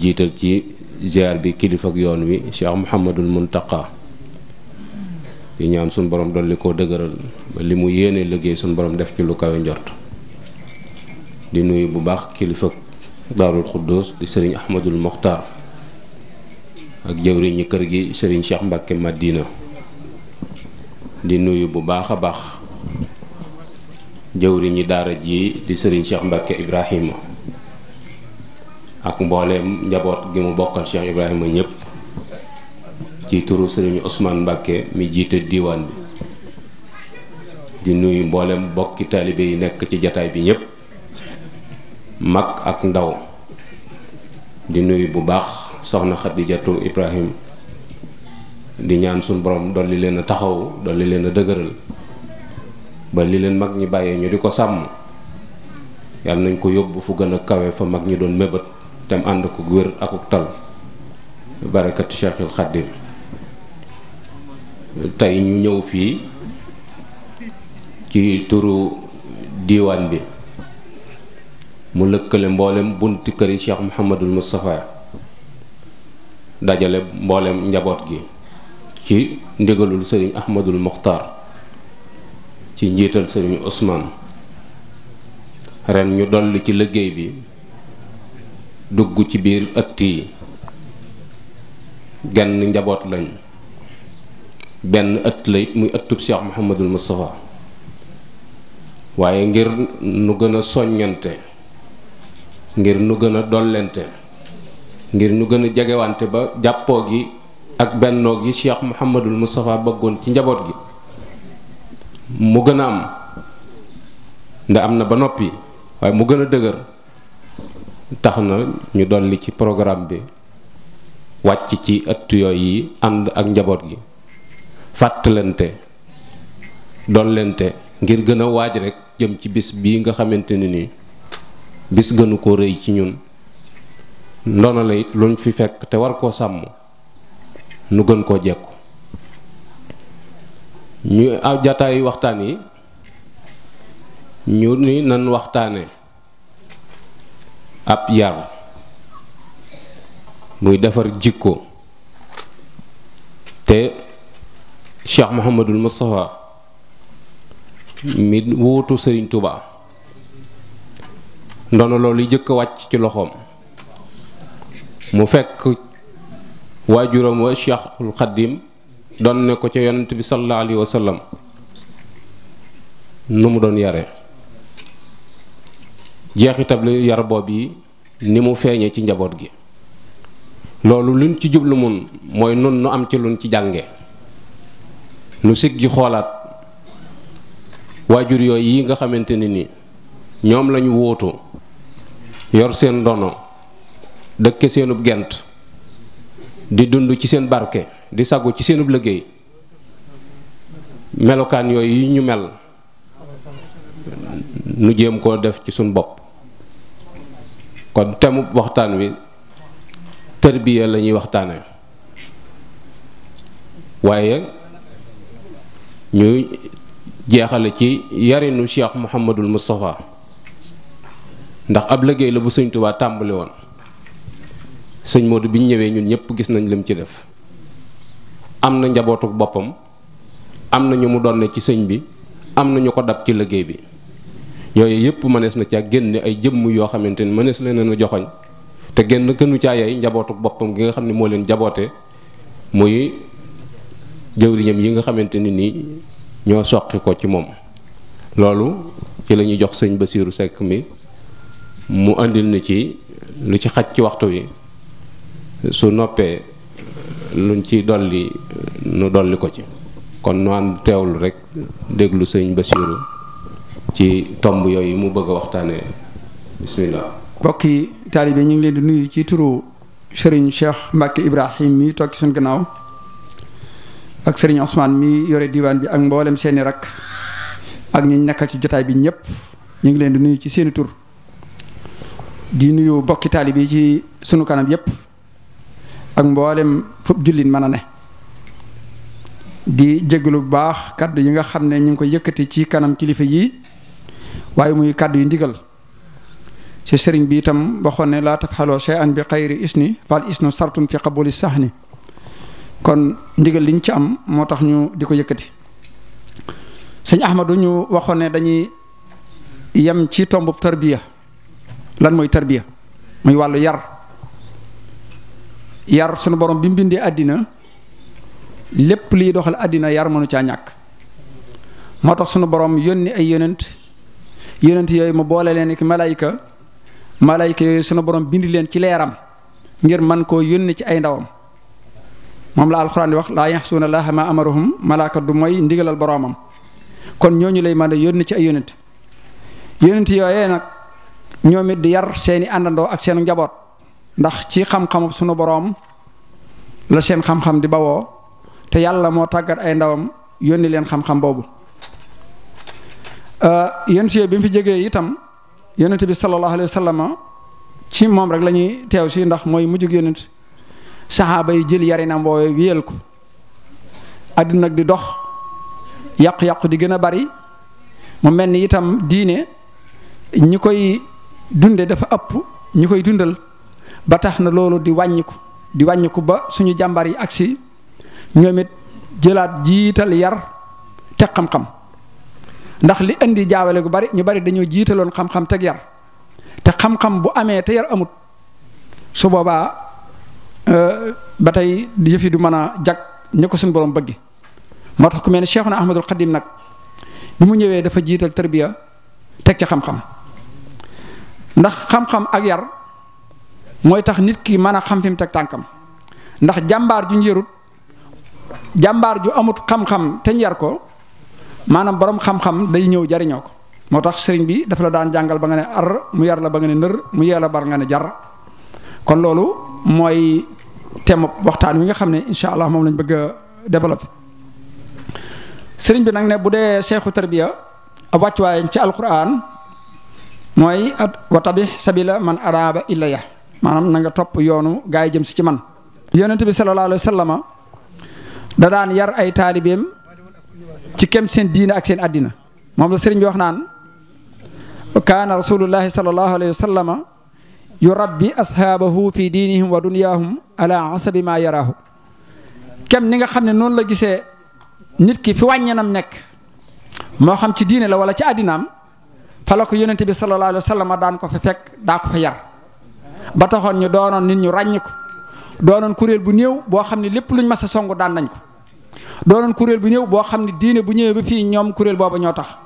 jiital ci ziar bi kilifa yoon wi Cheikh Mouhamadul Muntaqa di ñaan suñu borom dolli koo dëgëral ba li mu yéene liggéey suñu borom def ci lu kawe njort di nuyu bu baax kilifa daarul xuddoos di sëriñ Ahmadul Mokhtar ak jëwriñu kër gi sëriñ Cheikh Mbacke Madina di nuyu bu baax a baax jëwriñu daara ji di sëriñ Cheikh Mbacke Ibrahima. ak mbooleem njaboot gi mu bokkal Cheikh Ibrahima ñëpp ci turu sëriñ Ousmane Mbacke mi jiite diiwaan bi di nuyu mboolem bokki taalibe yi nekk ci jataay bi ñëpp mag ak ndaw di nuyu bu baax soxna Xadijatu Ibrahim di ñaan suñu borom dolli leen a taxaw dolli leen a dëgëral ba li leen mag ñi bàyyee ñu di ko sàmm yàlla nañ ko yóbbu fu gën a kawe fa mag ñi doon mébét te mu ànd ko wér akuk tal barakati Cheikhul Khadim tey ñu ñëw fii ci turu diiwaan bi mu lëkkale mboolem bunti këri Cheikh Mouhamadul Moustapha dajale mbooleem njaboot gi ci ndigalul sëriñ Ahmadul Muxtaar ci njiital sëriñ Ousmane ren ñu dolli ci liggéey bi dugg ci biir ëtt yi genn njaboot lañ benn ëtt la it muy ëttub Cheikh Mouhamadul Moustapha waaye ngir nu gën a soññante ngir nu gën a dollente ngir nu gën a jegewante ba jàppoo gi ak bennoo gi Cheikh Mouhamadul Moustapha bëggoon ci njaboot gi mu gën a am nde am na ba noppi waaye mu gën a dëgër tax na ñu dolli ci programme bi wàcc ci ëtt yooyu yi ànd ak njaboot gi fàttalante dollente ngir gën a waaj rekk jëm ci bis bi nga xamante ne nii bis gënu ko rëy ci ñun ndono la it luñ fi fekk te war koo sàmm nu gën koo jekku ñu ah, jataayu waxtaan yi ñu ni nan waxtaane ab yar muy defar jikko te Cheikh Mouhamadul Moustapha mi wuutu Serigne Touba ndono loolu jëkk a wàcc ci loxoom mu fekk waajuram wa Cheikhul Xaddim doon ne ko ca yonent bi sallallahu alayhi nu mu doon yare jeexi tab yar boobu yi ni mu feeñee ci njaboot gi loolu luñ ci jublu mun mooy nun nu am ci luñ ci jànge nu sig ji xoolaat waajur yooyu yi nga xamante ne ni ñoom lañu wóotu yor seen ndono dëkke seenub gent di dund ci seen barke di sagu ci seenub liggéey melokaan yooyu yi ñu mel nu jéem koo def ci sunu bopp kon temu waxtaan wi tërbiya la ñuy waxtaane waaye ñu jeexale ci yarinu Cheikh Mouhamadul Moustapha ndax ab liggéey la bu sëñ Tuubaa tàmbali woon sëñ Modou bi ñëwee ñun ñëpp gis nañ lim ci def am na njabootuk boppam am na ñu mu doon ne ci sëñ bi am na ñu ko dab ci liggéey bi yooyu yëpp mënees na caa génne ay jëmm yoo xamante ni mënees na leen a joxoñ te génn kënu caa yay njabootu boppam gi nga xam ne moo leen jaboote muy jëwriñam yi nga xamante ni nii ñoo soqi ko ci moom loolu ci la ñuy jox sëñ Basiiru Sekk mi mu andil na ci lu ci xaj ci waxtu wi su noppee luñ ci dolli nu dolli ko ci kon nu ànd teewlu rek déglu sëñ Basiiru ci tomb yooyu mu bëgg a waxtaanee bismillah mbokk yi ñu ngi leen di nuyu ci turu sëriñ Cheikh Mbacke Ibrahim mi toog ci suñ gannaaw ak sëriñ Ousmane mi yore diwaan bi ak mboolem seeni rakk ak ñu nekkal ci jotaay bi ñépp ñu ngi leen di nuyu ci seeni tur di nuyu bokki taalibe ci sunu kanam yëpp ak mboolem fëpp jullit mën a ne di jégalu bu baax kàddu yi nga xam ne ñu ngi ko yëkkati ci kanam kilifa yi waaye muy kàddu yu ndigal ci sëriñ bi itam waxoon ne laa tafxaloo shay'an bi xayri isni fal isnu sartun fi sax ni kon ndigal liñ ci am moo tax ñu di ko yëkkati sëñ Ahmadu ñu waxoon ne dañuy yem ci tombub tarbiya lan mooy tarbiya muy wàllu yar yar sunu borom bi mu bindee àddina lépp lii doxal àddina yar mënu caa ñàkk moo tax sunu borom yónni ay yonent yonent yooyu mu boole leen ki malayka malayka yooyu sunu borom bindi leen ci leeram ngir man koo yónni ci ay ndawam moom la alxuraan di wax laa yaxsuuna laa ma amaruhum malaaka du mooy ndigalal boroomam kon ñooñu lay mën a yónni ci ay yonent yonent yooyee nag ñoom it di yar seeni àndandoo ak seen njaboot ndax ci xam-xamub sunu boroom la seen xam-xam di bawoo te yàlla moo tàggat ay ndawam yónni leen xam-xam boobu Euh, yonent bi mu fi jógee itam yonent bi sallallahu alayhi wa sallam ci moom rek lañuy ñuy teew si ndax mooy mujjug yonent saxaaba yi jël yarinam booy wéyal ko àdduna nag di dox yàqu-yàqu di gën a bari mu mel ni itam diine ñi koy dunde dafa ëpp ñi koy dundal ba tax na loolu di wàññiku di wàññiku ba suñu jàmbar yi ak si ñoomit jëlaat jiital yar te xam-xam ndax li indi jaawale gu bari ñu bari dañoo jiitaloon xam-xam teg yar te xam-xam bu amee te yar amut su boobaa euh, ba tey yëf yi du mën a jag ña ko suñu borom bëgg moo tax ku mel ni ne Cheikhuna Ahmadul Xadim nag bi mu ñëwee dafa jiital tarbiya teg ci xam-xam ndax xam-xam ak yar mooy tax nit ki mën a xam fi teg tànkam ndax jàmbaar ju njërut jàmbaar ju amut xam-xam te ñu yar ko. maanaam borom xam-xam day ñëw jariñoo ko moo tax sëriñ bi dafa la daan jàngal ba nga ne ar mu yar la ba nga ne nër mu yee la bar nga ne jar kon loolu mooy thème waxtaan wi nga xam ne incha allah moom lañu bëgg a développé sëriñ bi nag ne bu dee seexu tarbiya ab wàccuwaay ci alquran mooy wa tabi sabila man araaba ilaya maanaam na nga topp yoonu gaa yi jëm si ci man yonente bi sallallahu alayhi wa sallama da daan yar ay taalibeem ci kem seen diine ak seen àddina moom la sëriñ bi wax naan kaana rasulullahi sallallahu alayhi wa yu rabbi ashaabahu fi diinihim wa dunyaahum ala asabi ma yaraahu kem ni nga xam ne noonu la gisee nit ki fi wàññenam nekk moo xam ci diine la wala ci àddinaam fa la ko yonente bi sallallahu alayhi wa daan ko fa fekk daa ko fa yar ba taxoon ñu doonoon nit ñu ràññ ko noon kuréel bu néew boo xam ne lépp luñ mas a songu daan nañ ko doonoon kuréel bu ñëw boo xam ne diine bu ñëwee ba fii ñoom kuréel booba ñoo tax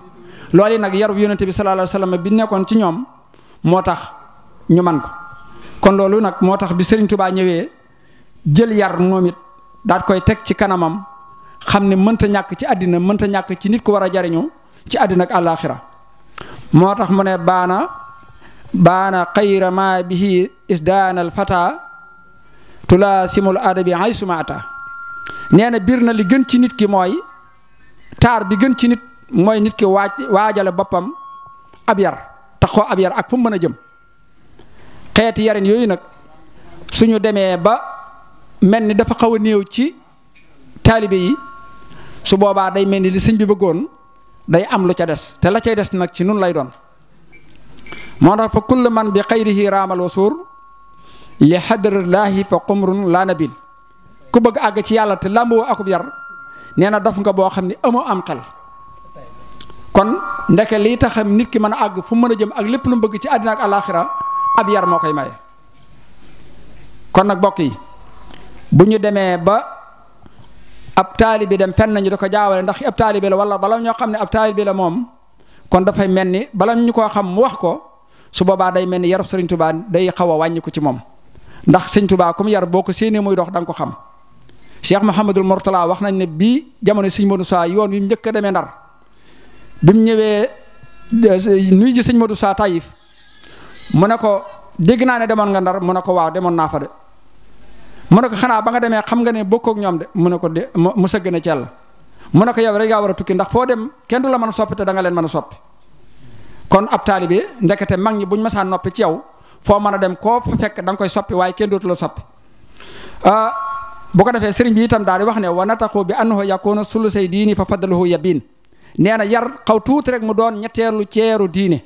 loolu nag yarub yonente bi sallallahu alayhi bi nekkoon ci ñoom moo tax ñu man ko kon loolu nag moo tax bi Serigne baa ñëwee jël yar moom it daal koy teg ci kanamam xam ne mënta ñàkk ci àddina mënta ñàkk ci nit ku war a jariñu ci àddina ak àllaaxira moo tax mu ne baana baana xayra bi bihi isdaanal fata tulaasimul adabi ay sumaata nee na biir na li gën ci nit ki mooy taar bi gën ci nit mooy nit ki waaj waajale boppam ab yar taxoo ab yar ak fum mën a jëm xeeti yarin yooyu nag suñu demee ba mel ni dafa xaw a néew ci taalibe yi su boobaa day mel ni li sëñ bi bëggoon day am lu ca des te la cay des nag ci nun lay doon moo tax fa kull man bi xayrihi raamal wa suur li xadrallaahi fa qumrun laa nabil ku bëgg àgg ci yàlla te làmb làmboo akub yar nee na daf nga boo xam ni amoo am xel kon ndeke lii taxam nit ki mën a àgg fu mën a jëm ak lépp lu mu bëgg ci àddina ak alaaxira ab yar moo koy maye kon nag bokk yi bu ñu demee ba ab taalibi dem fenn ñu da ko jaawale ndax ab taalibi la wala bala ñoo xam ne ab taalibi la moom kon dafay mel ni bala ñu koo xam mu wax ko su boobaa day mel ni yarub sëriñ tubaa day xaw a wàññi ko ci moom ndax sëriñ tubaa comme yar boo ko séenee muy dox da ko xam Cheikh Mouhamadul mortalaa wax nañ ne bii jamono siñ Modou Sa yoon wi njëkk a demee Ndar bi mu ñëwee eh, nuy ji sëñ Modou Sa mu ne ko dégg naa ne demoon nga Ndar mu ne ko waaw demoon naa fa de mu ne ko xanaa ba nga demee xam nga ne bokkoo ak ñoom de mu ne ko de mu sëgg na ci Yàlla mu ne ko yow rek yaa war a tukki ndax foo dem kenn du la mën a soppi te da leen mën a soppi kon ab taalibe ndekete mag ñi buñ masaan noppi ci yow foo mën a dem koo fa fekk da koy soppi waaye kenn dootu la bu ko defee sëriñ bi itam daal di wax ne wa nataqu bi annahu yakunu sulusay diini fa fadluhu yabin nee na yar xaw tuuti rek mu doon ñetteelu ceeru diine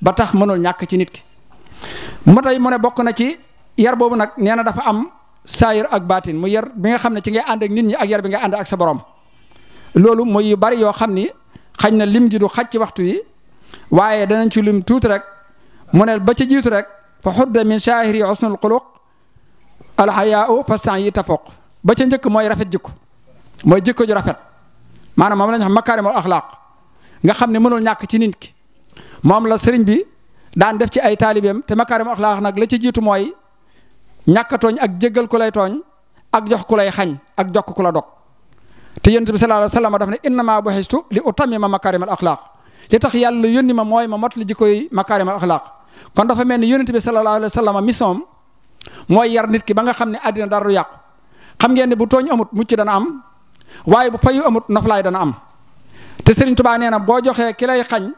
ba tax mënul ñàkk ci nit ki mu tey mu ne bokk na ci yar boobu nag nee na dafa am saayir ak baatin mu yar bi nga xam ne ci ngay ànd ak nit ñi ak yar bi nga ànd ak sa borom loolu mooy yu bari yoo xam ni xañ na lim gi du xaj waxtu yi waaye danañ ci lim tuuti rek mu ne ba ci jiitu rek fa xudda min saahiri husnul xuluq alxayaau fastan yi tafoq ba ca njëkk mooy rafet jikko mooy jikko ju rafet maanaam moom la ñu xam makaarimul axlaaq nga xam ne mënul ñàkk ci nit ki moom la sëriñ bi daan def ci ay taalibeem te makaarimul axlaaq nag la ci jiitu mooy ñàkkatooñ ak jéggal ku lay tooñ ak jox ku lay xañ ak jox ku la dog te yonent bi sallallahu alayhi wa sallam daf ne innama bu'istu li utammima makaarimal axlaaq li tax yàlla yónni ma mooy ma mot li jikko yi makaarimal axlaaq kon dafa mel ni yonent bi sallallahu alayhi wa mission mooy yar nit ki ba nga xam ne àddina dara du yàqu xam ngeen ne bu tooñ amut mucc dana am waaye bu fayu amut noflaay dana am te Serigne Touba nee na boo joxee ki lay xañ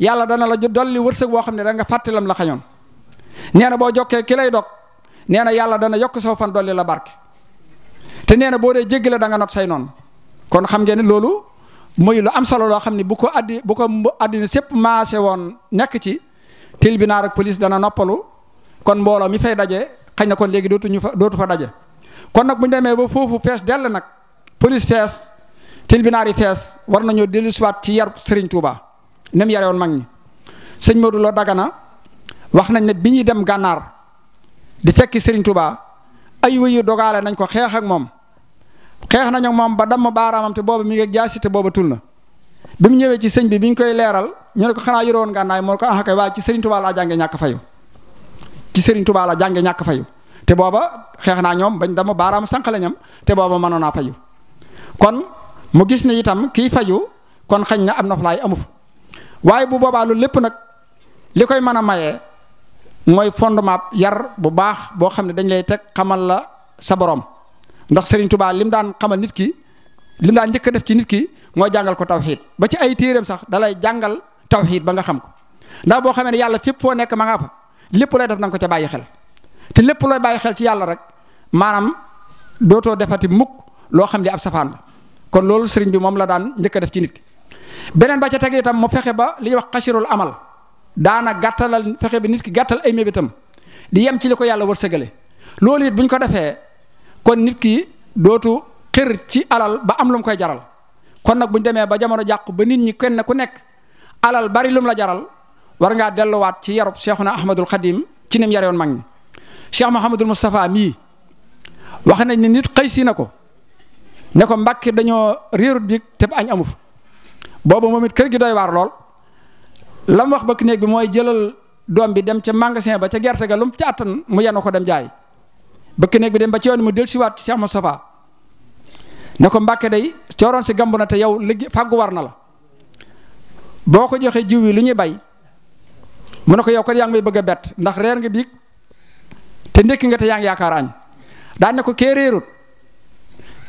yàlla dana la dolli wërsëg boo xam ne da nga fàtte lam la xañoon nee boo jokkee ki lay dog nee na yàlla dana yokk sa fan dolli la bark te nee na boo dee jéggale la danga not say noon kon xam ngeen ne loolu muy lu am solo loo xam ne bu ko addi bu ko àddina sépp maase woon nekk ci tilbinaar ak police dana noppalu kon mbooloo mi fay daje xañ na kon léegi dootuñu fa dootu fa daje. kon nag bu ñu demee ba foofu fees dell nag police fees tribunal yi fees war nañoo dellusiwaat ci yar sëriñ Touba ni mu yare woon mag ñi sëñ Modou Lo na wax nañ ne bi ñuy dem gànnaar di fekki sëriñ Touba ay wéyu dogaale nañ ko xeex ak moom xeex nañ ak moom ba damm baaraamam te boobu mi ngi jaasi te boobu tul na bi mu ñëwee ci sëñ bi bi ñu koy leeral ñu ne ko xanaa yore woon gànnaay moo ko ah kay waaye ci Serigne Touba laa jàngee ñàkk fayu ci Serigne Touba laa jàngee ñàkk fayu te booba xeex naa ñoom bañ dama baaraamu sànq la ñam te booba mënoon naa fayu kon mu gis ne itam kii fayu kon xañ na am na fulaay amu fa waaye bu boobaa loolu lépp nag li koy mën a maye mooy fondement yar bu baax boo xam ne dañ lay teg xamal la sa borom ndax Serigne Touba lim daan xamal nit ki lim daan njëkk a def ci nit ki mooy jàngal ko tawxiid ba ci ay téereem sax dalay jàngal tawxiid ba nga xam ko ndax boo xamee ne yàlla fépp foo nekk ma nga fa lépp lay def na ko ca bàyyi xel. te lépp looy bàyyi xel ci yàlla rek maanaam dootoo defati mukk loo xam ne ab safaan la kon loolu sëriñ bi moom la daan njëkk a def ci nit ki beneen ba ca teg itam mu fexe ba li ñuy wax xasirul amal daana gàttalal fexe bi nit ki gàttal ay mébétam di yem ci li ko yàlla wërsëgale loolu it bu ñu ko defee kon nit ki dootu xër ci alal ba am lu koy jaral kon nag bu ñu demee ba jamono jàqu ba nit ñi kenn ku nekk alal bari lum la jaral war ngaa delluwaat ci yarub Seexuna Ahmadul Xadim ci nim yarewoon mag ñi Cheikh Mouhamadul Moustapha mii wax nañ ne nit xëy sii na ko ne ko mbàkk dañoo réerut bi te añ amu fa boobu moom it kër gi doy waar lool lam wax ba ki néeg bi mooy jëlal doom bi dem ca magasin ba ca gerte ga lu mu ca attan mu yenu ko dem jaay bëkk néeg bi dem ba ci yoon mu del siwaat ci Cheikh Moustapha ne ko mbàkke day cooroon si gamb na te yow liggéey fàggu war na la boo ko joxee jiw yi lu ñuy bay mu ne ko yow kat yaa ngi may bëgg a bett ndax ree nga te ndekki nga te yaa ngi yaakaar añ daan ne ko kee réerut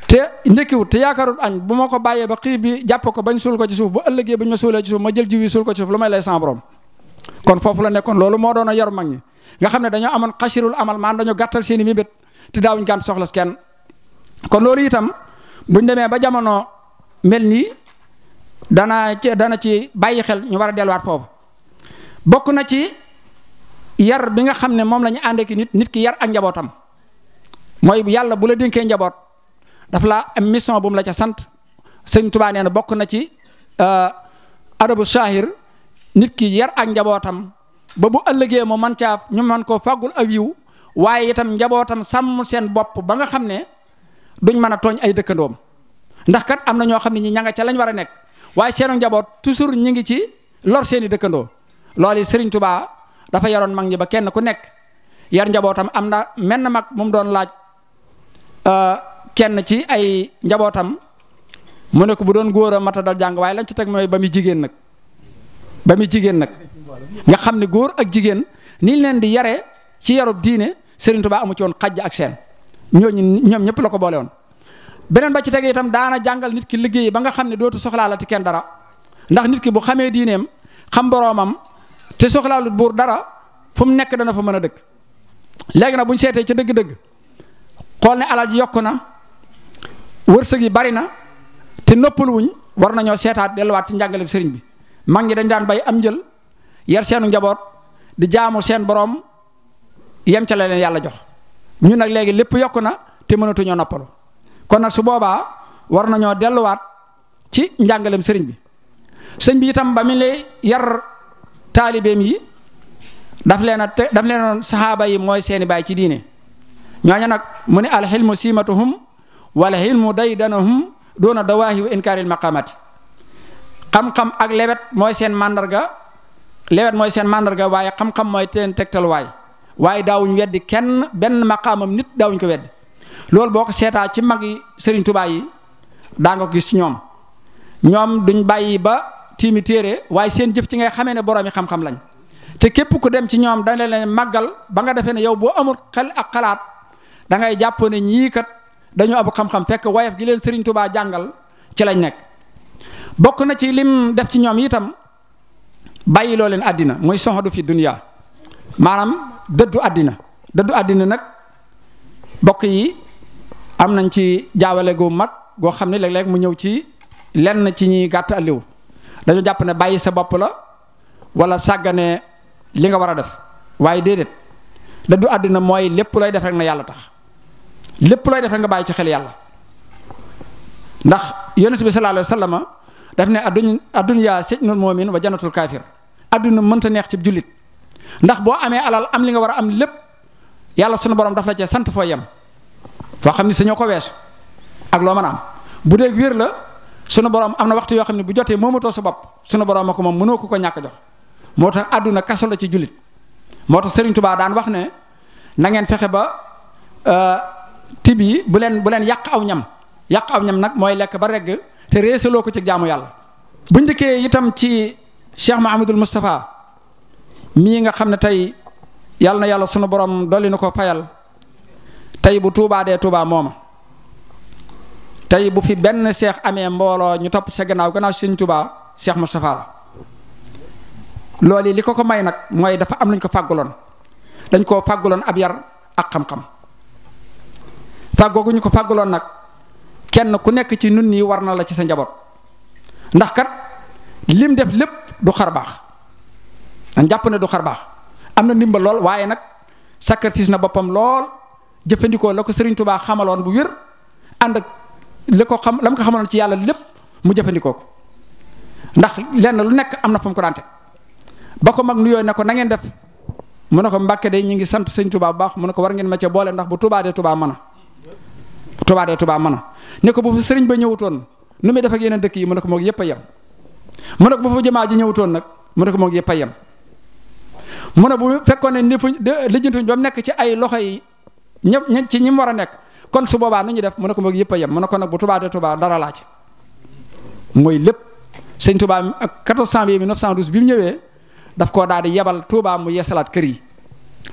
te ndekkiwut te yaakaarut añ bu ma ko bàyyee ba xiif bi jàpp ko bañ suul ko ci suuf bu ëllëgee bañ ma suulee ci suuf ma jël jiw yi suul ko ci suuf lu may lay sans kon foofu la nekkoon loolu moo doon a yor mag ñi nga xam ne dañoo amoon xasirul amal maan dañoo gàttal seen i mébét te daawuñ gànt soxla kenn kon loolu itam buñ demee ba jamono mel nii dana ci dana ci bàyyi xel ñu war a delluwaat foofu bokk yar bi nga xam ne moom la ñu ànd ki nit nit ki yar ak njabootam mooy yàlla bu la dénkee njaboot daf laa am mission bu la ca sant sëñ Tuubaa nee na bokk na ci euh, adabu shahir nit ki yar ak njabootam ba bu ëllëgee mu man caa ñu man koo fàggul ak yiw waaye itam njabootam sàmm seen bopp ba nga xam ne duñ mën a tooñ ay dëkkandoom ndax kat am na ñoo xam ne ñi ña nga ca lañ war a nekk waaye seenu njaboot toujours ñi ngi ci lor seeni dëkkandoo loolu Sëriñ Tuubaa dafa yaroon mag ñi ba kenn ku nekk yar njabootam am na menn mag mu doon laaj euh, kenn ci ay njabootam mu ne bu doon góor a mata dal jàng waaye lañ ci teg mooy ba muy jigéen nag ba jigéen nag nga xam ne góor ak jigéen ni leen di yare ci yarub diine Serigne Touba amu ci woon xajj ak seen ñooñu ñoom ñëpp la ko boole woon. beneen ba ci tege itam daana jàngal nit ki liggéey ba nga xam ne dootu soxlaalati kenn dara ndax nit ki bu xamee diineem xam boroomam te soxlaalut buur dara fu mu nekk dana fa mën a dëkk léegi nag bu ñu seetee ca dëgg-dëgg xool ne alal ji yokku na wërsëg yi bari na te noppalu wuñ war nañoo seetaat delluwaat ci njàngaleem sëriñ bi mag ñi dañ daan bay am njël yar seenu njaboot di jaamu seen boroom yem ca la leen yàlla jox ñu nag léegi lépp yokk na te mënatuñoo noppalu kon nag su boobaa war nañoo delluwaat ci njàngaleem sëriñ bi sëñ bi itam ba mi lay yar. taalibeem yi daf leen a te leen noon saxaaba yi mooy seeni baay ci diine ñooñu nag mu ne alxilmu siimatuhum wala xilmu day danahum doona dawaahi wa inkaaril maqaamati xam-xam ak lewet mooy seen màndarga lewet mooy seen màndarga waaye xam-xam mooy seen tegtal waay waaye daawuñ weddi kenn benn maqaamam nit daawuñ ko weddi loolu boo ko seetaa ci mag yi Serigne Touba yi daa nga ko gis ñoom ñoom duñ bàyyi ba tiimi téere waaye seen jëf ci ngay xamee ne boroomi xam-xam lañ te képp ku dem ci ñoom dañ leen màggal ba nga defee ne yow boo amul xel ak xalaat da ngay jàpp ne ñii kat dañu abu xam-xam fekk wayef gi leen sëriñ Touba jàngal ci lañ nekk bokk na ci lim def ci ñoom itam bàyyi loo leen àddina muy soxadu fi duniya maanaam dëddu àddina dëddu àddina nag bokk yi am nañ ci jaawale gu mag goo xam ne léeg-léeg mu ñëw ci lenn ci ñuy gàtt alliw dañu jàpp ne bàyyi sa bopp la walla sàggane li nga war a def waaye déedéet da du àdduna mooy lépp looy def rek na yàlla tax lépp looy def rek nga bàyyi ci xel yàlla ndax yonent bi sallallahu alayhi wa sallam daf ne adduñ addunya sijnul mu'min wa janatul kaafir adduna mënta neex ci jullit ndax boo amee alal am li nga war a am lépp yàlla suñu borom daf la cee sant foo yem foo xam ni sañoo ko weesu ak loo mën bu dee wér la. sunu borom am na waxtu yoo xam ne bu jotee moomatoo sa bopp sunu borom ko moom mënoo ko ko ñàkk jox moo tax àdduna kaso la ci jullit moo tax Serigne Touba daan wax ne na ngeen fexe ba euh, tib yi bu leen bu leen yàq aw ñam yàq aw ñam nag mooy lekk ba regg te réesaloo ko ci jaamu yàlla. buñ dikkee itam ci Cheikh Mahamadul Moustapha mii nga xam ne tey yàlla na yàlla sunu borom dolli na ko fayal tey bu tuubaa dee Touba mooma. tey bu fi benn seex amee mbooloo ñu topp sa gannaaw gannaaw sëñ tubaa seex Moustapha la loolu li ko ko may nag mooy dafa am lañ ko fàgguloon dañ koo fàgguloon ab yar ak xam-xam fàggoo gu ñu ko fàgguloon nag kenn ku nekk ci nun ñi war na la ci sa njaboot ndax kat lim def lépp du xar baax jàpp ne du xar baax am na ndimbal lool waaye nag sacrifice na boppam lool jëfandikoo la ko Sëriñ Tuubaa xamaloon bu wér ànd li ko xam la mu ko xamaloon ci yàlla lépp mu jëfandikoo ko ndax lenn lu nekk am na fa mu ko ba ko mag nuyoo ne ko na ngeen def mu ne ko mbàkke day ñu ngi sant sëñ Touba bu baax mu ne ko war ngeen ma ca ndax bu Touba dee Touba mën a Touba dee Touba mën a sëriñ ba ñëwutoon nu muy def ak dëkk yi mu ne ko moog yëpp a yem mu ne ko bu fa jëmaa nag mu ne ko moog yëpp a yem mu ne bu fekkoon ne lépp lijjantuñ ba mu nekk ci ay loxo yi ñëpp ci ñi war a nekk. kon su boobaa nu ñu def mu ne ko moog yëpp a yem mu ne ko nag bu Touba de Touba dara mooy lépp sëñ Touba ak 1400 bi 1912 bi mu ñëwee daf koo daal di yebal Touba mu yeesalaat kër yi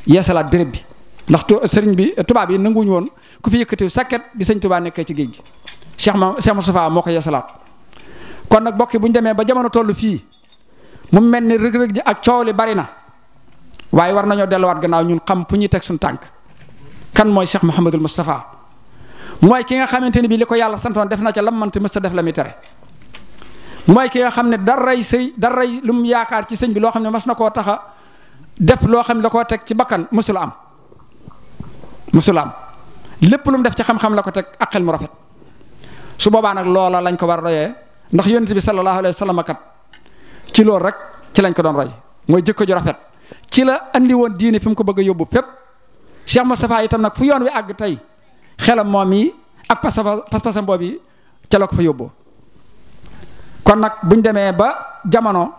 yeesalaat béréb bi ndax sëriñ bi Touba bi nanguwuñu woon ku fi yëkkatiw sakket bi sëñ Touba nekkee ci géej gi Cheikh ma Cheikh Moustapha moo ko yeesalaat kon nag bokki bu ñu demee ba jamono toll fii mu mel ni rëg-rëg ji ak coow li bari na waaye war nañoo delluwaat gannaaw ñun xam fu ñuy teg suñu tànk kan mooy Cheikh Mouhamadul Moustapha mooy ki nga xamante ni bii li ko yàlla santoon def na ca lam mënti mësta def la muy tere mooy ki nga xam ne daray sëy daray lu mu yaakaar ci sëñ bi loo xam ne mas na koo taxa def loo xam ne da koo teg ci bakkan musula am lépp lum def ci xam-xam la ko teg ak xel mu rafet su boobaa nag loola lañ ko war a royee ndax yonent bi sallallahu alayhi wa sallam kat ci loolu rek ci lañ ko doon roy mooy jikko ju rafet ci la andi woon diine fi mu ko bëgg a yóbbu fépp Cheikh Moustapha itam nag fu yoon wi àgg tey. xelam moom yi ak pas-pasam boobu yi ca la ko fa yóbbu kon nag buñ demee ba jamono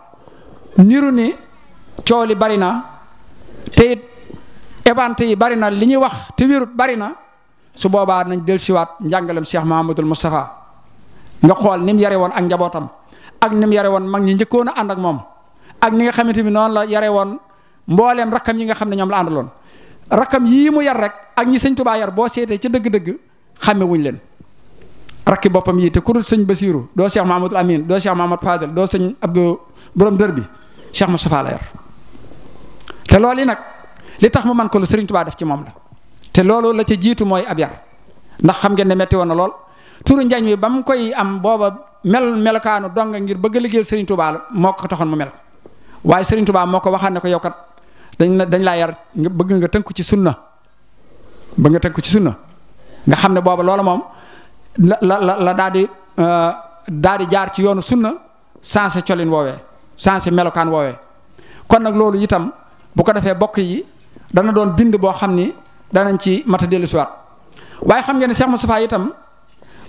niru ni coow li bari na te it yi bari na li ñuy wax te wérut bari na su boobaa nañ siwaat njàngalem Cheikh Mahamadul Moustapha nga xool ni mu yare woon ak njabootam ak ni mu yare woon mag ñi njëkkoon a ànd ak moom ak ni nga xamante ni noonu la yare woon mbooleem rakkam yi nga xam ne ñoom la àndaloon rakkam yii mu yar rek ak ñi sëñ tubaa yar boo seetee ca dëgg-dëgg xàmme wuñ leen rakki boppam yii te ku sëñ Basiiru doo Cheikh Mahamadul Amin doo Cheikh Mahamad Fadel doo sëñ Abdou borom dër bi Cheikh Moustapha la yar te loolu yi nag li tax mu man ko lu sëriñ tubaa def ci moom la te loolu la ca jiitu mooy ab yar ndax xam ngeen ne metti woon na lool turu njañ wi ba mu koy am booba mel melokaanu donga ngir bëgg a liggéeyal sëriñ tubaa moo ko taxoon mu mel waaye sëriñ tubaa moo ko waxaan ko yow dañ la dañ laa yar nga bëgg nga tënku ci sunna ba nga tënku ci sunna nga xam ne booba loola moom la la la daa di euh, daa di jaar ci yoonu sunna sensé colin woowe sensé melokaan woowee kon nag loolu itam bu ko defee bokk yi dana doon bind boo xam ni danañ ci mat a dellu siwaat waaye xam ngeen ne Cheikh Moustapha itam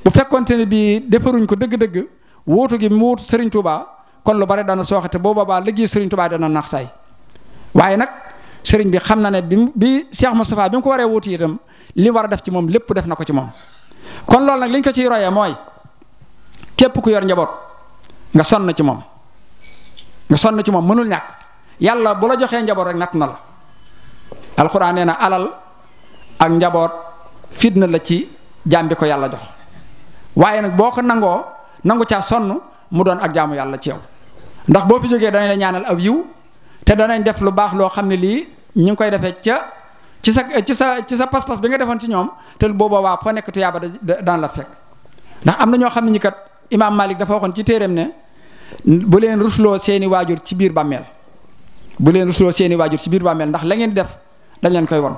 bu fekkonte ne bii defaruñ ko dëgg-dëgg wóotu gi mu wóotu Serigne Touba kon lu bare dana sooxe te boo boobaa liggéey Serigne Touba dana nax saay waaye nag sëriñ bi xam na ne bi bi Cheikh Moustapha bi mu ko waree wuti itam li war a def ci moom lépp def na ko ci moom kon loolu nag liñ ko ciy royee mooy képp ku yor njaboot nga sonn ci moom nga sonn ci moom mënul ñàkk yàlla bu la joxee njaboot rek natt na la alxuraan nee na alal ak njaboot fitna la ci jaam bi ko yàlla jox waaye nag boo ko nangoo nangu caa sonn mu doon ak jaamu yàlla ci yow ndax boo fi jógee dañ la ñaanal aw yiw te danañ def lu baax loo xam ne lii ñu ngi koy defee ca ci sa ci sa ci sa pas-pas bi nga defoon ci ñoom te booboo waa foo nekk tuyaaba daan la fekk ndax am na ñoo xam ne ñi kat imaam Malik dafa waxoon ci téereem ne bu leen rusloo seeni waajur ci biir bàmmeel bu leen rusloo seeni waajur ci biir bàmmeel ndax la ngeen def dañ leen koy won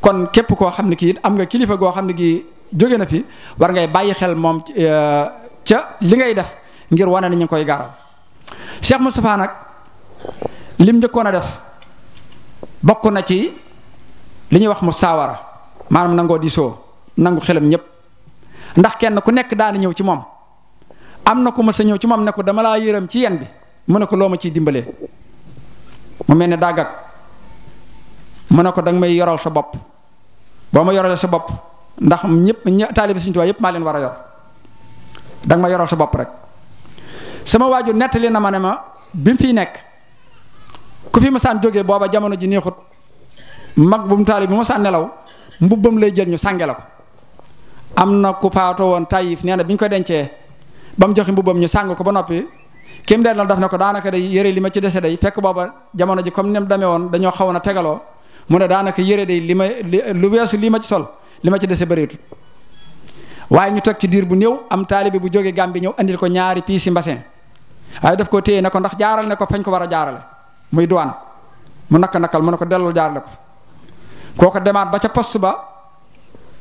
kon képp koo xam ne kii am nga kilifa goo xam ne gi jóge na fi war ngay bàyyi xel moom euh, ca li ngay def ngir wane ni ñu koy garal Cheikh Moustapha nag lim njëkkoon a def bokk na ci li ñuy wax mu saawara maanaam nangoo soo nangu xelam ñépp ndax kenn ku nekk daana ñëw ci moom am na ku ma sa ñëw ci moom ne ko dama laa yërëm ci yen bi mu ne ko loo ma ciy dimbalee mu mel ni dàggag mu ne ko danga may yoral sa bopp boo ma yoralee sa bopp ndax ñëpp ña taalibi Sëriñ Tuubaa yëpp maa leen war a yor danga ma yoral sa bopp rek sama waajur nettali na ma ne ma bi mu fiy nekk ku fi masaan jógee booba jamono ji neexut mag bu mu bu ma masaan nelaw mbubbam lay jël ñu sànge la ko am na ku faatoo woon tayif nee na bi ñu ko dencee ba mu joxe mbubbam ñu sàng ko ba noppi kim dee dal daf ne ko daanaka day yére li ma ci dese day fekk booba jamono ji comme ni demee woon dañoo xawoon a tegaloo mu ne daanaka yére day li ma lu weesu lii ma ci sol li ma ci dese bëreetul waaye ñu teg ci diir bu néew am taalibe bu jógee Gàmbi ñëw andil ko ñaari yi mbasin waaye daf ko téye na ko ndax jaaral ne ko fañ ko war a jaarale muy douane mu nakk nakkal mu ne ko dellul jaarale ko kooku demaat ba ca post ba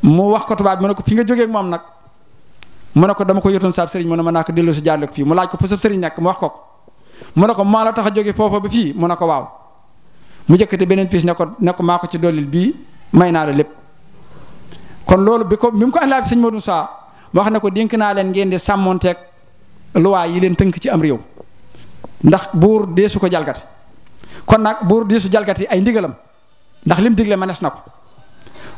mu wax ko tubaab bi mu ne ko fi nga jógeek moom nag mu ne ko dama ko yotoon saab sëriñ mu ne ma naa ko delloo si jaarale ko fii mu laaj ko fa sab nekk mu ko ko mu ne ko maa la tax a jóge foofa ba fii mu ne ko waaw mu jëkkati beneen piis ne ko ne ko maa ko ci dollil bii may naa la lépp kon loolu bi ko bi mu ko àndaat sëñ Modou Sa wax ne ko dénk naa leen ngeen di sàmmonteeg luwaay yi leen tënk ci am réew ndax buur deesu ko jalgati kon nag buur diisu jalgati ay ndigalam ndax lim digle manes na ko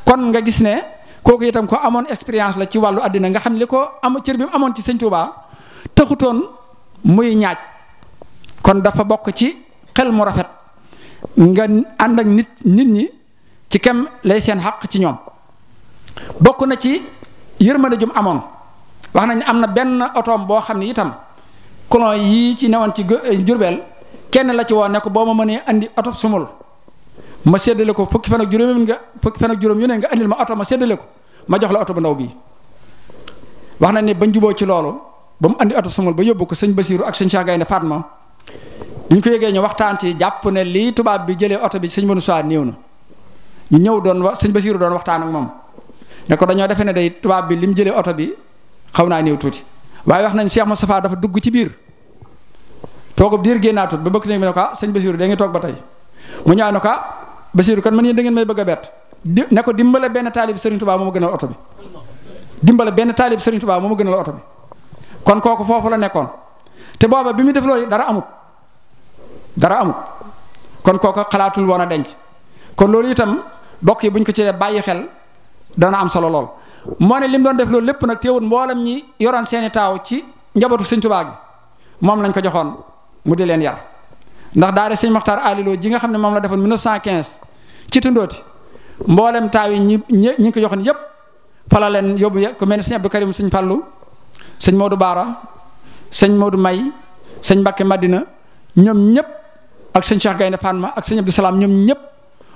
kon nga gis ne kooku yi itam ko amoon expérience la ci wàllu àddina nga xam ne li ko am cër bi amoon ci sëñ Touba taxutoon muy ñaaj kon dafa bokk ci xel mu rafet nga ànd ak nit nit ñi ci kem lay seen xaq ci ñoom bokk na ci yërmande jum amoon wax nañ am na benn otom boo xam ne itam colon yi ci newoon ci Jurbel kenn la ci woo ne ko boo ma mënee andi oto sumul ma séddale ko fukki fan juróom nga fukki fan juróom yu ne nga ma oto ma séddale ko ma jox la oto bu ndaw bii wax na ne bañ juboo ci loolu ba mu andi oto sumul ba yóbbu ko sëñ Basiiru ak sëñ Cheikh Gaynde Fatma bi ñu ko yëgee ñu waxtaan ci jàpp ne lii tubaab bi jëlee oto bi sëñ Manu Saa néew na ñu ñëw doon wax sëñ Basiiru doon waxtaan ak moom ne ko dañoo defee ne day tubaab bi lim jëlee oto bi xaw naa néew tuuti waaye wax nañ Cheikh Moustapha dafa dugg ci biir. toogub diir génnaatut ba bëgg nañ ne ko ah sëñ Basiru da ngeen toog ba tey mu ñaan ne ko ah Basiru kan man yéen da may bëgg a bett di ne ko dimbale benn taalib Serigne Touba moomu a oto bi dimbale benn taalib Serigne Touba moomu gënal oto bi kon kooku foofu la nekkoon te booba bi mu def loolu dara amut dara amut kon kooku xalaatul woon a denc kon loolu itam bokk yi buñ ko ci bàyyi xel dana am solo lool. moo ne lim doon def loolu lépp nag teewul mboolam ñi yoroon seeni taaw ci njabootu Serigne Touba moom lañ ko joxoon. mu di leen yar ndax daara sëñ Maxtaar Aliloo ji nga xam ne moom la defoon 1915 ci tundooti mboolem taaw yi ñi ñi ngi ko yoxoon yépp fala leen yóbbu ku mel ne sëñ Abdou Karim sëñ Fallu sëñ Modou Baara sëñ Modou May sëñ Mbakke maddina ñoom ñëpp ak sëñ Cheikh Gaynde Fatma ak sëñ Abdou Salaam ñoom ñëpp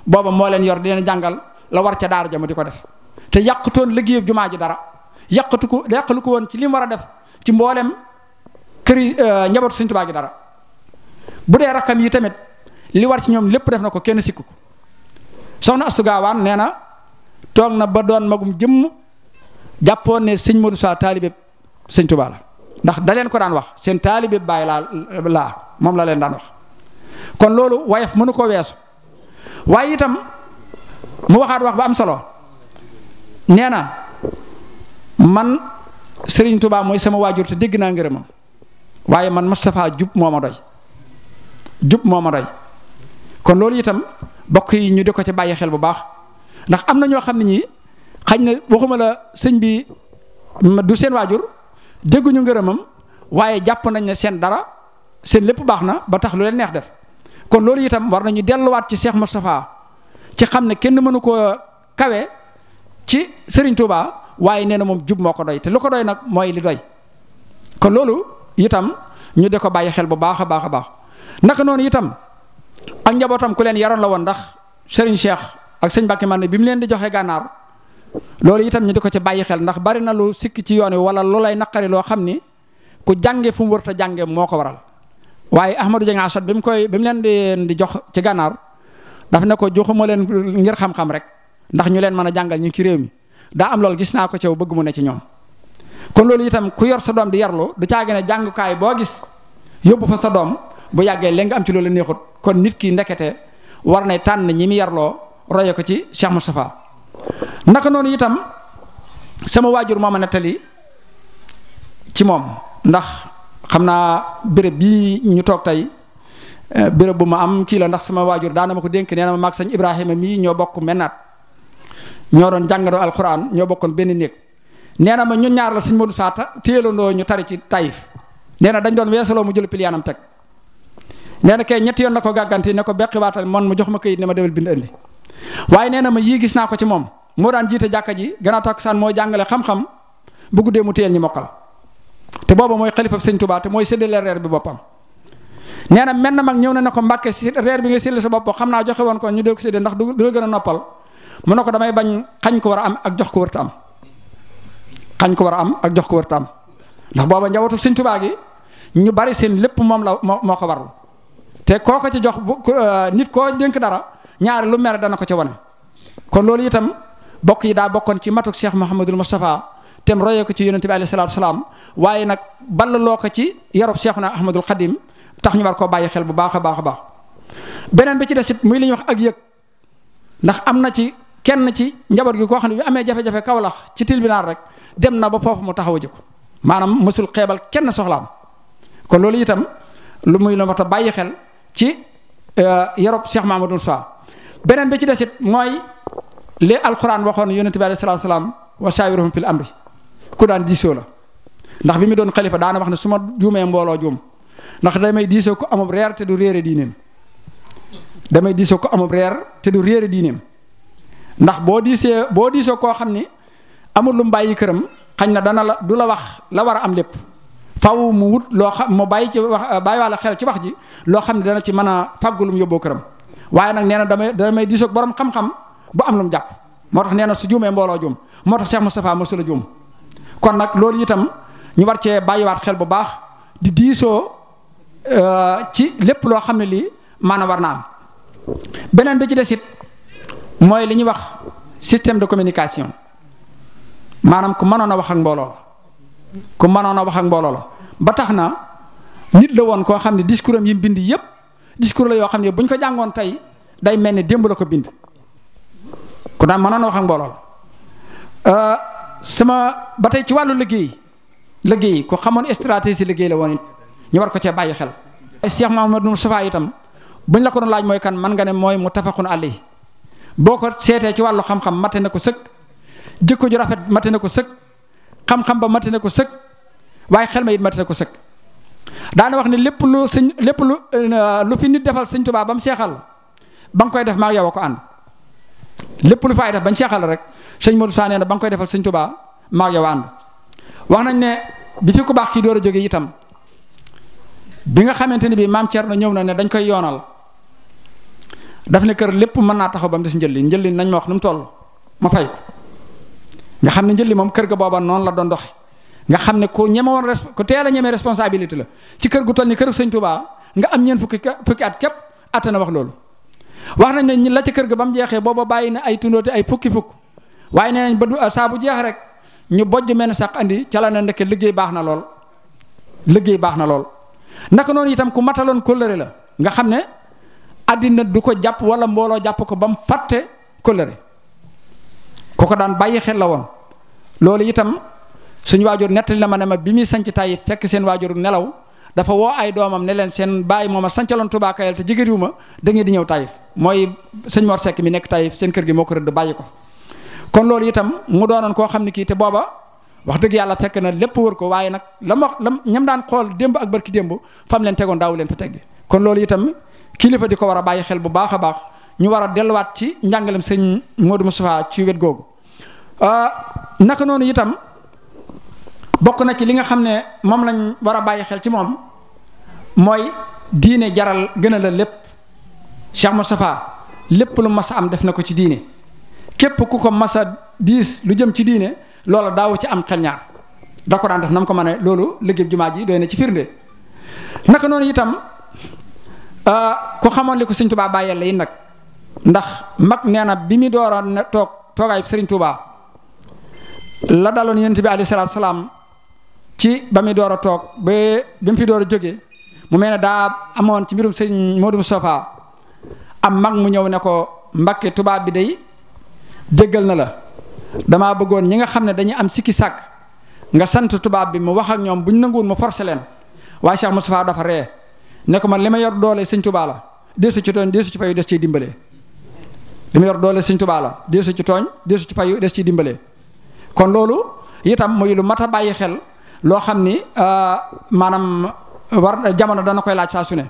booba moo leen yor di leen jàngal la war ca daara ja mu di ko def te yàqutoon liggéeyub jumaa ji dara yàqatu ko yàqalu ko woon ci li mu a def ci mboolem këri euh, njabootu sëñ Tuubaa gi dara bu dee rakkam yi tamit li war ci ñoom lépp def na ko kenn sikku ko soxna Astu Gaawaan nee na toog na ba doon magum jëmm jàppoon ne sëñ mënu Sa taalibe sëñ Tuubaa la ndax da ko daan wax seen taalibe bàyyi laa moom la leen daan wax kon loolu wayaf mënu ko weesu waaye itam mu waxaat wax ba am solo nee na man sëriñ Tuubaa mooy sama waajur te dégg naa ngërëmam waaye man Moustapha Jub moo ma doy jub moo ma doy kon loolu itam bokk yi ñu di ko ci bàyyi xel bu baax ndax am na ñoo xam ne ñii xañ na waxuma la sëñ bi du seen waajur dégguñu ngërëmam waaye jàpp nañ ne seen dara seen lépp baax na ba tax lu leen neex def kon loolu itam war nañu delluwaat ci Cheikh Moustapha ci xam ne kenn mënu koo kawe ci Serigne Touba waaye nee na moom jub moo ko doy te lu ko doy nag mooy li kon loolu itam ñu di ko bàyyi xel bu baax a baax a baax. naka noonu itam ak njabootam ku leen yaroon la woon ndax Serigne Cheikh ak sëñ Mbacke man ne bi mu leen di joxe gànnaar loolu itam ñu di ko ci bàyyi xel ndax bari na lu sikk ci yoon wi wala lu lay naqari loo xam ni ku jànge fu mu wërta jànge moo ko waral waaye Ahmadou Dieng Assane bi mu koy bi mu leen di di jox ci gànnaar daf ne ko joxuma leen ngir xam-xam rek ndax ñu leen mën a jàngal ñu ci réew mi daa am loolu gis naa ko ci yow bëgg mu ne ci ñoom. kon loolu itam ku yor sa doom di yarlu du caage jàngukaay boo gis yóbbu fa sa doom bu yàggee léegi nga am ci loolu neexut kon nit kii ndekete war nay tànn ñi mu yarloo roye ko ci Cheikh Moustapha naka noonu itam sama waajur moo ma nettali ci moom ndax xam naa béréb bii ñu toog tey eh, béréb bu ma am kii ndax sama waajur daana ma ko dénk nee na ma maag sëñ Ibrahima mii ñoo bokk mennaat ñoo doon jàngandoo alxuraan ñoo bokkoon benn néeg nee na ma ñu ñaar la sëñ Modou Saata téelandoo ñu tari ci Taïf nee na dañ doon weesaloo mu jël piliyaanam teg neena na kay ñetti yoon la ko gàgganti ne ko beqi waatal man mu jox ma këyit ne ma demal bind indi waaye nee na ma yii gis naa ko ci moom moo daan jiite jàkka ji gannaaw takkusaan mooy jàngale xam-xam bu guddee mu téyel ñi mokkal te booba mooy xalifa sëñ Tuubaa te mooy séddale reer bi boppam nee na menn mag ñëw na ne ko mbàkke si reer bi nga séddale sa bopp xam naa joxe woon ko ñu dee ko séddale ndax du la gën a noppal mu ne ko damay bañ xañ ko war a am ak jox ko wërta ko war a am ak jox ko wërta ndax booba njabootu sëñ Tuubaa gi ñu bari seen lépp moom la moo ko warlu te koo ko ci jox bu euh, nit koo dénk dara ñaari lu mere dana ko ci wane kon loolu itam bokk yi daa bokkoon ci matuk Cheikh Mouhamadul Moustapha tem royee ko ci yonente bi alayhi salaatu salaam waaye nag ballaloo ko ci yarub Cheikhuna Ahmadul Xadim tax ñu war koo bàyyi xel bu baax a baax a baax beneen bi ci des it muy li wax ak yëg ndax am na ci kenn ci njaboot gi koo xam ne bi amee jafe-jafe kawlax ci tilbinaar rek dem na ba foofu mu taxaw ko maanaam mësul xeebal kenn soxlaam kon loolu itam lu muy la mat bàyyi xel. ci euh, Yorob Cheikh Mahamadou Moussa beneen bi ci desit mooy li alquran waxoon yonente bi alayhi salaatu salaam wa shaawiruhum fil amri ku daan diisoo la ndax bi mu doon xalifa daana wax ne su ma juumee mbooloo juum ndax damay diisoo ko amub reer te du réere diineem damay diisoo ko amub reer te du réere diineem ndax boo diisee boo diisoo koo xam ni amul lu mu bàyyi këram xañ na dana la du la wax la war a am lépp. faw mu wut loo xam mu bàyyi ci wax bàyyi wàlla xel ci wax ji loo xam ne dana ci mën a fàggulum yóbboo këram waaye nag nee na damay damay diisoog borom xam-xam bu am lu mu jàpp moo tax nee na su juumee mbooloo juum moo tax Cheikh Moustapha mosula juum kon nag loolu itam ñu war cee bàyyiwaat xel bu baax di diisoo euh, ci lépp loo xam ne lii maanaam war na am beneen bi ci desit mooy li ñuy wax système de communication maanaam ku mënoon a wax ak mbooloo ku mënoon a wax ak mbooloo la ba tax na nit la woon koo xam ne discours yi mu bind yëpp discours la yoo xam ne bu ñu ko jàngoon tey day mel ni démb la ko bind ku daan mënoon a wax ak mbooloo la euh, sama ba tey ci wàllu liggéey liggéey ku xamoon stratégie liggéey la woon ñu war ko cee bàyyi xel. Cheikh Mahamadou Moustapha itam buñ la ko doon laaj mooy kan man nga ne mooy mu tafaqun àll boo ko seetee ci wàllu xam-xam mate na ko sëkk jikko ju rafet mate na ko sëkk. xam-xam ba mate na ko sëkk waaye xel ma it mate ko sëkk daane wax ne lépp lu sëñ lépp lu euh, lu fi nit defal sëñ tubaa ba mu seexal ba nga koy def maa yow a ko ànd lépp lu faay def bañ seexal rek sëñ Modou Sa na ba nga koy defal sëñ Tuubaa maa yow a wax nañ ne bi fi ku baax kii door a jóge itam bi nga xamante ne bii maam na ñëw na ne dañ koy yoonal daf ne kër lépp mën naa taxaw ba mu des njëlli njëli nañ ma wax nu mu toll ma fay ko nga xam ne njëlli moom kër ga booba noonu la doon doxe nga xam ne ku ñeme woon ku teel a ñemee responsabilité la ci kër gu toll ni kër sëñ Touba nga am ñeen fukki fukki at képp atta na wax loolu wax nañ ne la ca kër ga ba mu jeexee booba bàyyi na ay tundóote ay fukki fukk waaye nee nañ ba saa bu jeex rek ñu bojj mel sax indi ca la na ndeke liggéey baax na lool liggéey baax na lool naka noonu itam ku mataloon kóllëre la nga xam ne àddina du ko jàpp wala mbooloo jàpp ko ba mu fàtte kóllëre ko daan bàyyi xel la woon loolu itam suñ waajur nettali la ma ne ma bi muy sanc Taif fekk seen waajur nelaw dafa woo ay doomam ne leen seen bàyyi mooma sancaloon Touba Kayel te jigéen ma da ngeen di ñëw Taif mooy sëñ Mor Seck mi nekk Taif seen kër gi moo ko rëdd bàyyi ko. kon loolu itam mu doonoon koo xam ne kii te booba wax dëgg yàlla fekk na lépp wër ko waaye nag la ma la ñam daan xool démb ak barki démb fam leen tegoon daawu leen fa teggi kon loolu itam kilifa di ko war a bàyyi xel bu baax a baax ñu war a delluwaat ci njàngalem sëñ Modou Moustapha ci wet googu Euh, naka noonu itam bokk na ci li nga xam ne moom lañ war a bàyyi xel ci moom mooy diine jaral gën a la lépp Cheikh Moustapha lépp lu masa am def na ko ci diine képp ku ko masa a diis lu jëm ci diine loola daawu ci am xel ñaar da ko daan def na mu ko mën a loolu liggéey jumaa ji doy na ci firnde naka noonu itam euh, ku xamoon li ko sëñ Touba bàyyeel la yi nag ndax mag nee na bi mu dooroon toog toogaayu sëriñ tuubaa la daloon yonent bi alayhi salaatu salaam ci ba muy door a toog ba bi mu fi door a jóge mu mel ne daa amoon ci mbirum sëñ Modou Moustapha am mag mu ñëw ne ko mbakke tubaab bi day déggal na la damaa bëggoon ñi nga xam ne dañuy am sikki sàkk nga sant tubaab bi mu wax ak ñoom bu ñu nanguwul mu forcé leen waaye Cheikh Moustapha dafa ree ne ko man li ma yor doole sëñ tubaa la deesu ci tooñ deesu ci fayu des ciy dimbale li ma yor doole sëñ tubaa ci tooñ deesu ci fayu des ciy dimbale kon loolu itam muy lu mat a bàyyi xel loo xam ni euh, maanaam war jamono dana koy laaj saa ne